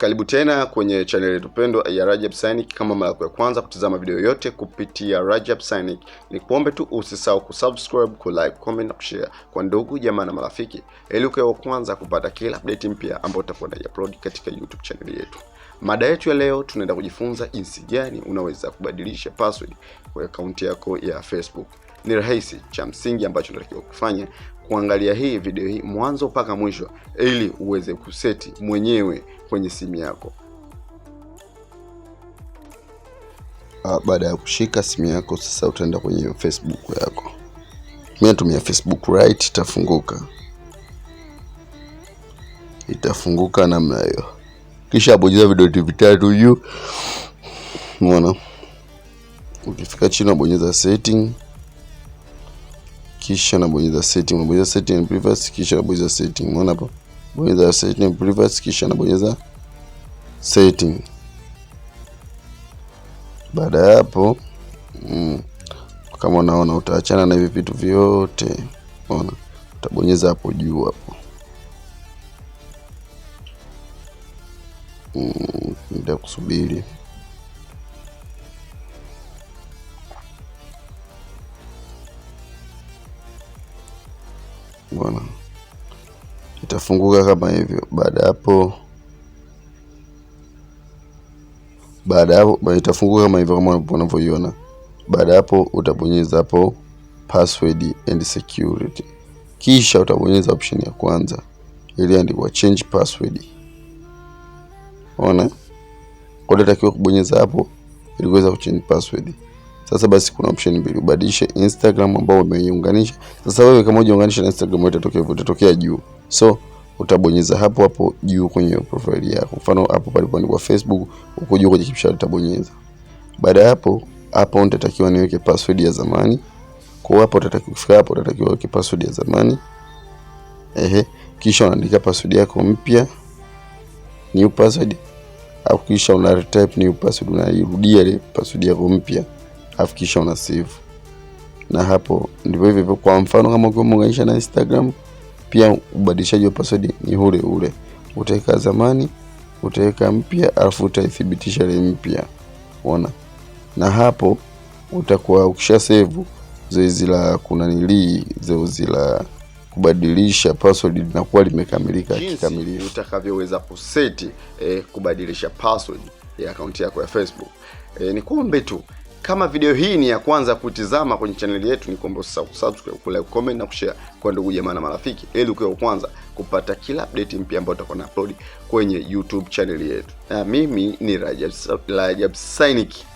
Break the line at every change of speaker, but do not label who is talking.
Karibu tena kwenye channel yetu pendwa ya Rajab Synic. Kama mara yako ya kwanza kutizama video yote kupitia Rajab Synic, ni kuombe tu usisahau kusubscribe, ku like, comment na kushare kwa ndugu jamaa na marafiki, ili ukae wa kwanza kupata kila update mpya ambayo tutakuwa upload katika YouTube channel yetu. Mada yetu ya leo, tunaenda kujifunza jinsi gani unaweza kubadilisha password kwa akaunti yako ya Facebook. Ni rahisi. Cha msingi ambacho unatakiwa kufanya kuangalia hii video hii mwanzo mpaka mwisho ili uweze kuseti mwenyewe kwenye simu yako.
Ah, baada ya kushika simu yako sasa, utaenda kwenye Facebook yako. Mimi natumia Facebook right, itafunguka itafunguka namna hiyo, kisha bonyeza vidoti vitatu juu. Unaona, ukifika chini unabonyeza setting kisha nabonyeza setting. Unabonyeza setting and privacy, kisha nabonyeza setting. Umeona hapo, bonyeza setting and privacy, kisha nabonyeza setting. Baada ya hapo mm, kama unaona utaachana na hivi vitu vyote, unaona utabonyeza hapo juu hapo mm, ndio kusubiri. bwana, itafunguka kama hivyo. Baada hapo baada hapo itafunguka kama hivyo, kama unavyoiona. Baada hapo utabonyeza hapo password and security, kisha utabonyeza option ya kwanza iliyoandikwa change password. Ona, unatakiwa kubonyeza hapo ili kuweza kuchange password. Sasa basi kuna option mbili, ubadilishe Instagram ambao umeiunganisha. Sasa wewe kama hujaunganisha na Instagram itatokea itatokea juu. So utabonyeza hapo hapo juu kwenye profile yako. Mfano hapo palipoandikwa Facebook, uko juu kwenye kipshale utabonyeza. Baada ya hapo hapo nitatakiwa niweke password ya zamani. Kwa hapo utatakiwa kufika hapo utatakiwa uweke password ya zamani. Ehe, kisha unaandika password yako mpya new password, au kisha una retype new password, unairudia ile password yako mpya afu kisha una save, na hapo ndivyo hivyo hivyo. Kwa mfano kama ukiwa umeunganisha na Instagram, pia ubadilishaji wa password ni ule ule, utaweka zamani, utaweka mpya, alafu utaithibitisha ile mpya. Unaona, na hapo utakuwa ukisha save zoezi la nili zoezi la kubadilisha password linakuwa limekamilika kikamilifu.
Utakavyoweza kuseti eh, kubadilisha password ya akaunti yako ya Facebook eh, ni kuombe tu kama video hii ni ya kwanza kutizama kwenye chaneli yetu, ni kuomba usisahau kusubscribe, like, comment na kushare kwa ndugu jamaa na marafiki, ili ukiwa kwanza kupata kila update mpya ambayo tutakuwa na upload kwenye YouTube chaneli yetu. Na mimi ni Rajab, Rajab Synic.